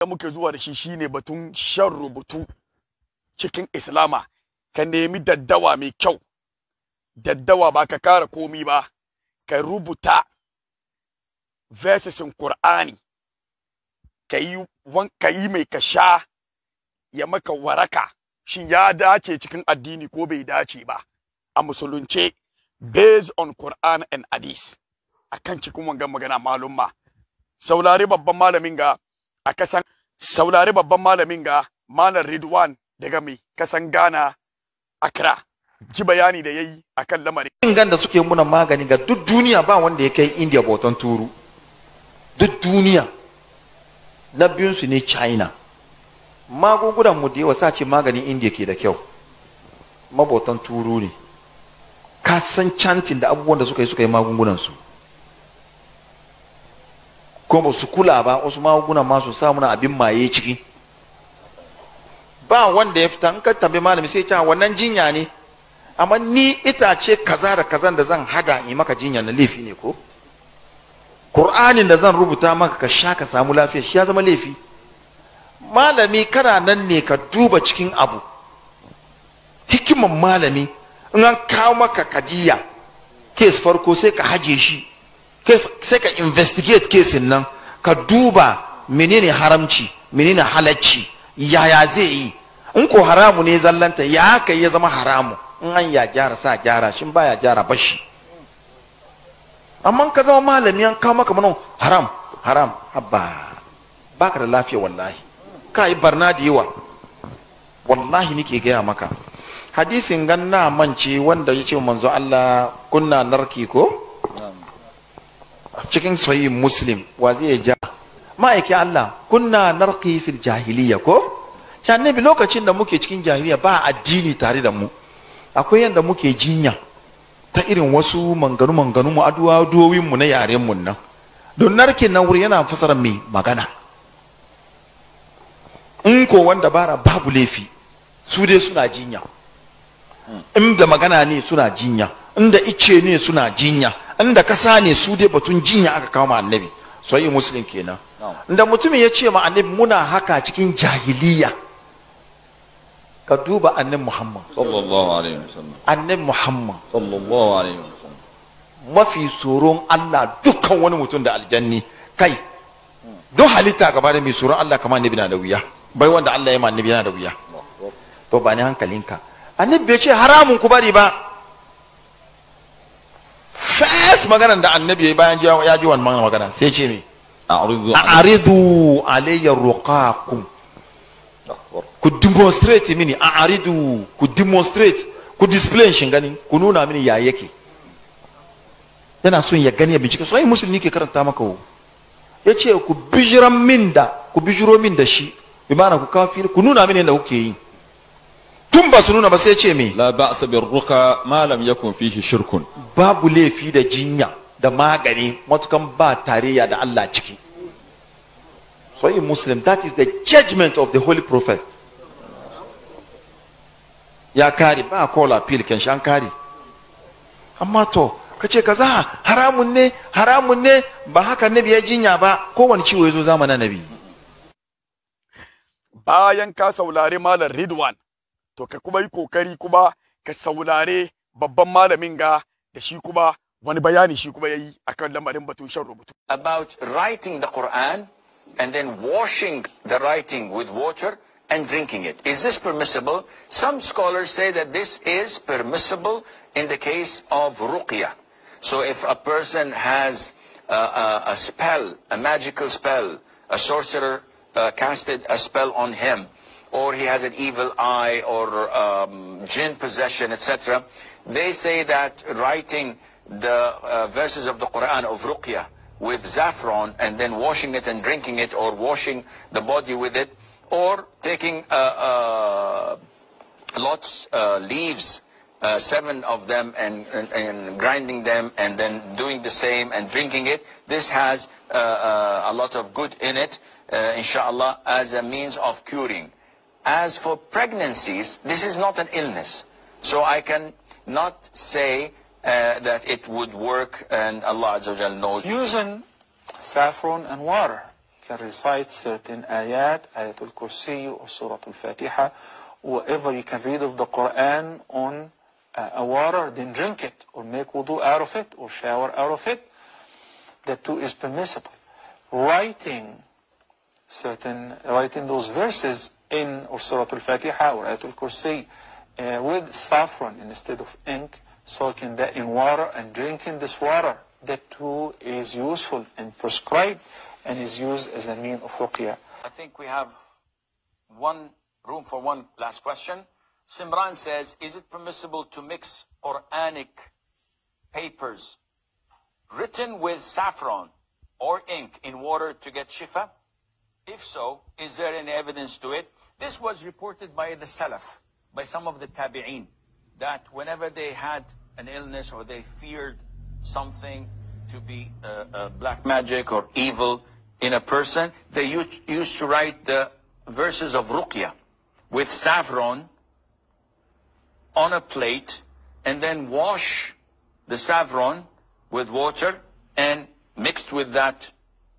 da muke zuwa da shi shine batun shan rubutu cikin islama ka nemi daddawa mai kyau daddawa ba ka kara komi ba ka rubuta versesin Kur'ani ka yi mai ka sha ya maka waraka shin ya dace cikin addini ko bai dace ba a musulunce based on Quran and hadith kan cikin wangan magana malumma saurari babban malamin ga a kasan saulari babban malamin ga Malam Ridwan daga mai kasan Ghana Accra ji bayani da yayi akan lamarin ingan da suke muna magani ga duk duniya ba wanda ya kai India botan turu duk duniya na biyun su ne China magungunan mu da yawa ce maganin India ke da kyau mabotan turu ne ka san cantin da abubuwan da suka yi suka yi magungunan su Ko ba su kula ba wasu magunguna ma su samu na abin maye ciki ba wanda ya fita in ka tambayi malami sai ya ah, wannan jinya ne amma ni itace kaza da kazan da zan hada in maka jinya na laifi ne ko qur'ani da zan rubuta maka ka sha ka samu lafiya shi ya zama laifi malami kana nan ne ka duba cikin abu hikiman malami in an kawo maka kajiya kes farko sai ka haje shi sai ka investigate kesin nan ka duba menene haramci menene halacci yaya zai yi in ko haramu ne zallanta ya ka ya zama haramu in an ya gyara sa gyara shin baya gyara bashi amma ka zama malami an kama maka manon haram haram ba baka da lafiya wallahi ka yi barna da yawa wallahi nike gaya maka hadisin ganna mance wanda ya ce manzo Allah kunna narki ko cikin sahih muslim wa zai ja ma'aikin Allah kunna narqi fil jahiliya ko shi annabi lokacin da muke cikin jahiliya ba addini tare da mu akwai yadda muke jinya ta irin wasu manganu manganu mu aduwa mu na yaren mu nan don narki na wuri yana fasara mai magana in ko wanda bara babu laifi su dai suna jinya Inda magana ne suna jinya Inda ice ne suna jinya inda ka sane su dai batun jinya aka kawo ma annabi sai muslim kenan inda mutumin ya ce ma annabi muna haka cikin jahiliya ka duba annabi muhammad sallallahu alaihi wasallam annabi muhammad sallallahu alaihi wasallam mafi tsoron Allah dukkan wani mutum da aljanni kai don halitta gaba da mai tsoron Allah kamar annabi na da wuya bai wanda Allah ya ma annabi yana da wuya to ba ni hankalinka annabi bai ce haramun ku bari ba first maganan da annabi ya bayan ya ji wannan magana sai ce me a'ridu alayya ruqakum ku demonstrate mini a'ridu ku demonstrate ku display shin gani ku nuna mini ya yake yana son ya gani ya bincike so ai musulmi ke karanta maka wo yace ku bijiran min da ku bijiro min da shi bi ku kafir ku nuna mini yadda kuke yi tun ba su nuna ba sai ce me la ba'sa bir ruqa ma lam yakun fihi shirkun babu laifi da jinya da magani matukan ba tarayya da Allah ciki so in muslim that is the judgment of the holy prophet ya kare ba call appeal kan shan an kare amma to ka ce kaza haramun ne haramun ne ba haka nabi ya jinya ba kowane ciwo ya zo zamanin nabi bayan ka saulare malam ridwan to ka kuma yi kokari kuma ka saulare babban malamin ga wani bayani yayi akan lamarin batun shan rubutu about writing the Quran and then washing the writing with water and drinking it. Is this permissible? Some scholars say that this is permissible in the case of ruqya. So if a person has a, uh, a, uh, a spell, a magical spell, a sorcerer uh, casted a spell on him, or he has an evil eye or um, jinn possession, etc. They say that writing the uh, verses of the Quran of Ruqya with saffron and then washing it and drinking it or washing the body with it or taking uh, uh, lots uh, leaves uh, seven of them and, and, and, grinding them and then doing the same and drinking it. This has uh, uh, a lot of good in it, uh, inshallah, as a means of curing. As for pregnancies, this is not an illness. So I can not say uh, that it would work and Allah Azza knows. Using saffron and water can recite certain ayat, Ayatul Kursi or Surah Al-Fatiha, whatever you can read of the Quran on uh, a water, then drink it, or make wudu out of it, or shower out of it. That too is permissible. Writing certain, writing those verses in or Surah Al-Fatiha or Ayatul Kursi uh, with saffron instead of ink, soaking that in water and drinking this water. That too is useful and prescribed and is used as a means of ruqya. I think we have one room for one last question. Simran says, is it permissible to mix Quranic papers written with saffron or ink in water to get shifa? If so, is there any evidence to it? This was reported by the Salaf, by some of the Tabi'een, that whenever they had an illness or they feared something to be uh, uh, black magic or evil in a person, they used, used to write the verses of Ruqya with saffron on a plate and then wash the saffron with water and mixed with that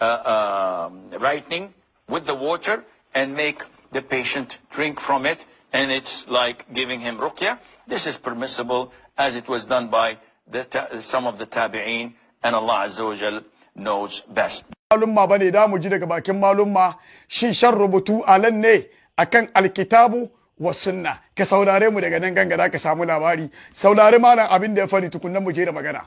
uh, um, writing with the water and make the patient drink from it and it's like giving him ruqya. This is permissible as it was done by the, some of the tabi'in, and Allah Azza wa Jal knows best. Malumma bane da mu ji daga bakin malumma shin rubutu alan ne akan alkitabu wa sunna ka saurare mu daga nan ka samu labari saurare malam abin da ya mu je da magana.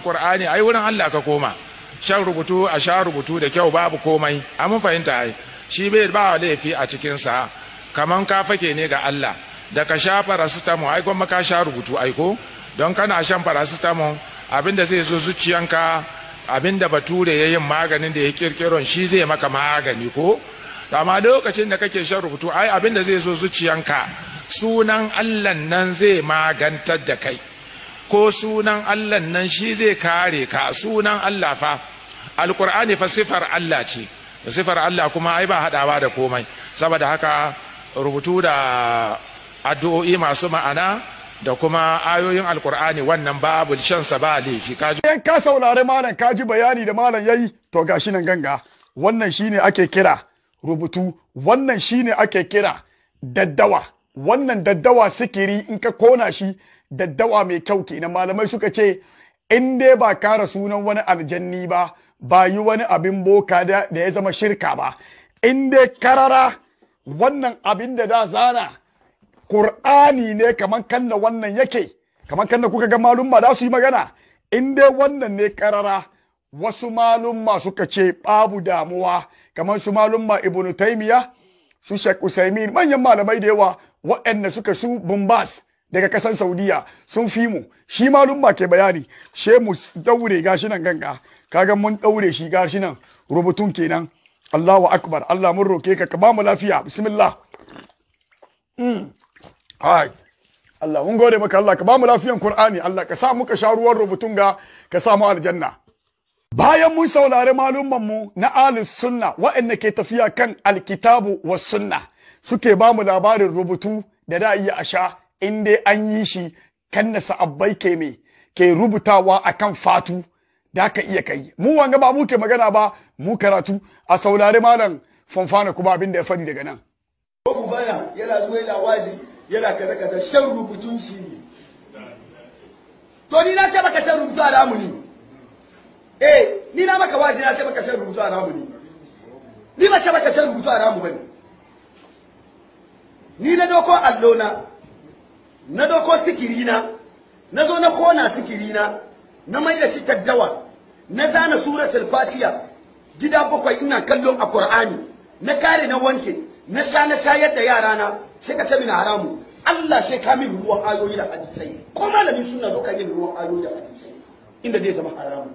Qur'ani ai wurin Allah ka koma. shan rubutu a sha rubutu da kyau babu komai a mun fahimta ai shi bai ba laifi a cikinsa kaman ka fake ne ga Allah da ka sha farasitamo ai kuma ka sha rubutu ai ko don kana shan farasitamo abin da zai zo zuciyanka abin da bature ya yin maganin da ya kirkiron shi zai maka magani ko amma lokacin da kake shan rubutu ai abin da zai zo zuciyanka sunan Allah nan zai magantar da kai ko sunan Allah nan shi zai kare ka sunan Allah fa alkur'ani fa sifar Allah ce sifar Allah kuma ai ba hadawa da komai saboda haka rubutu da addu'o'i masu ma'ana da kuma ayoyin alkur'ani wannan babu shansa ba laifi kaji ka saurari malam kaji bayani da malam yayi to gashi nan ganga wannan shine ake kira rubutu wannan shine ake kira daddawa wannan daddawa sikiri in ka kona shi daddawa mai kyau kenan malamai suka ce in dai ba kara sunan wani aljanni ba ba yi wani abin boka da ya zama shirka ba in dai karara wannan abin da da zana Kur'ani ne kamar kanna wannan yake kamar kanna kuka ga malumma da su yi magana in dai wannan ne karara wasu malumma suka ce babu damuwa kamar su malumma ibnu taimiya su shek usaimin manyan malamai da yawa waɗanda suka su bumbas daga kasar saudiya sun fi mu shi malum ma ke bayani she mu daure gashi nan ganga kaga mun daure shi gashi nan rubutun kenan Allahu akbar Allah mun roke ka ka ba mu lafiya bismillah mm ai Allah mun gode maka Allah ka ba mu lafiyan Qur'ani Allah ka sa muka sha ruwan rubutun ga ka sa mu aljanna bayan mun saurari malumman mu na ahlus sunna waɗanda ke tafiya kan alkitabu was sunna suke ba mu labarin rubutu da da iya asha. in dai an yi shi kan da sa'abbai ke me ke rubutawa akan fatu da ka iya kai mu wanga ba mu ke magana ba mu karatu a saurari malam fanfana kuma abin da ya faɗi daga nan fanfana yana zuwa yana wazi yana kaza kaza shan rubutun shi ne to ni na ce baka shan rubutu a ramu ne eh ni na maka wazi na ce baka shan rubutu a ramu ne ni ba ce baka shan rubutu a ramu bane ni na dokon allona na doko sikiri na na zo na kona sikiri na na mai da shi taddawa na zana suratul fatiha gida bakwai ina kallon a qur'ani na kare na wanke na sha na shayar da yara na sai ka ce haramu Allah sai ka min ruwan ayoyi da hadisai ko malamin sunna zo ka min ruwan ayoyi da hadisai inda zai zama haramu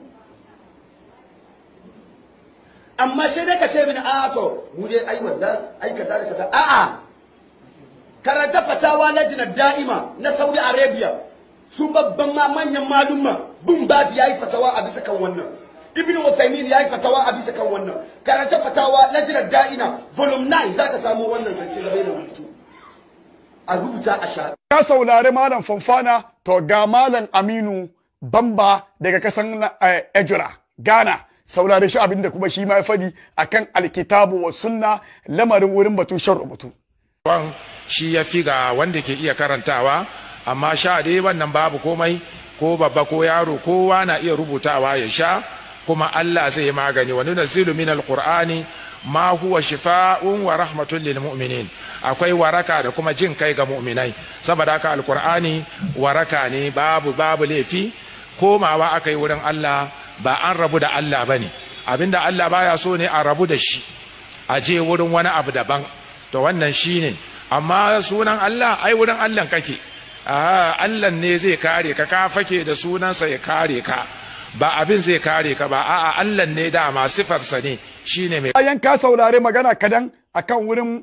amma sai da ka ce min a to mu dai ai wallahi ai kaza da kaza a'a karanta fatawa lajinar da'ima na saudi arabia sun babban ma manyan malumma bin bazi ya yi fatawa a bisa kan wannan ibn wasaimin ya yi fatawa a bisa kan wannan karanta fatawa lajinar da'ina volume 9 za ka samu wannan zance da da rubutu a rubuta a sha ka saulari malam fanfana to ga malam aminu bamba daga kasan eh, ejura ghana saurare shi abinda kuma shi ma ya fadi akan alkitabu wa sunna lamarin wurin batun shan rubutu wan shi ya fi ga wanda ke iya karantawa amma sha dai wannan babu komai ko babba ko yaro kowa na iya rubutawa ya sha kuma Allah zai magani wani zilu min alqur'ani ma huwa shifa'un wa rahmatun lil mu'minin akwai waraka da kuma jin kai ga mu'minai saboda haka alqur'ani waraka ne babu babu laifi komawa aka yi wurin Allah ba an rabu da Allah bane abinda Allah baya so ne a rabu da shi a je wurin wani abu daban to wannan shine amma sunan Allah ai wurin Allah kake ah Allah ne zai kare ka ka fake da sunansa ya kare ka ba abin zai kare ka ba a'a Allah ne farsani sifarsa ne shine mai bayan ka saurari magana kadan akan wurin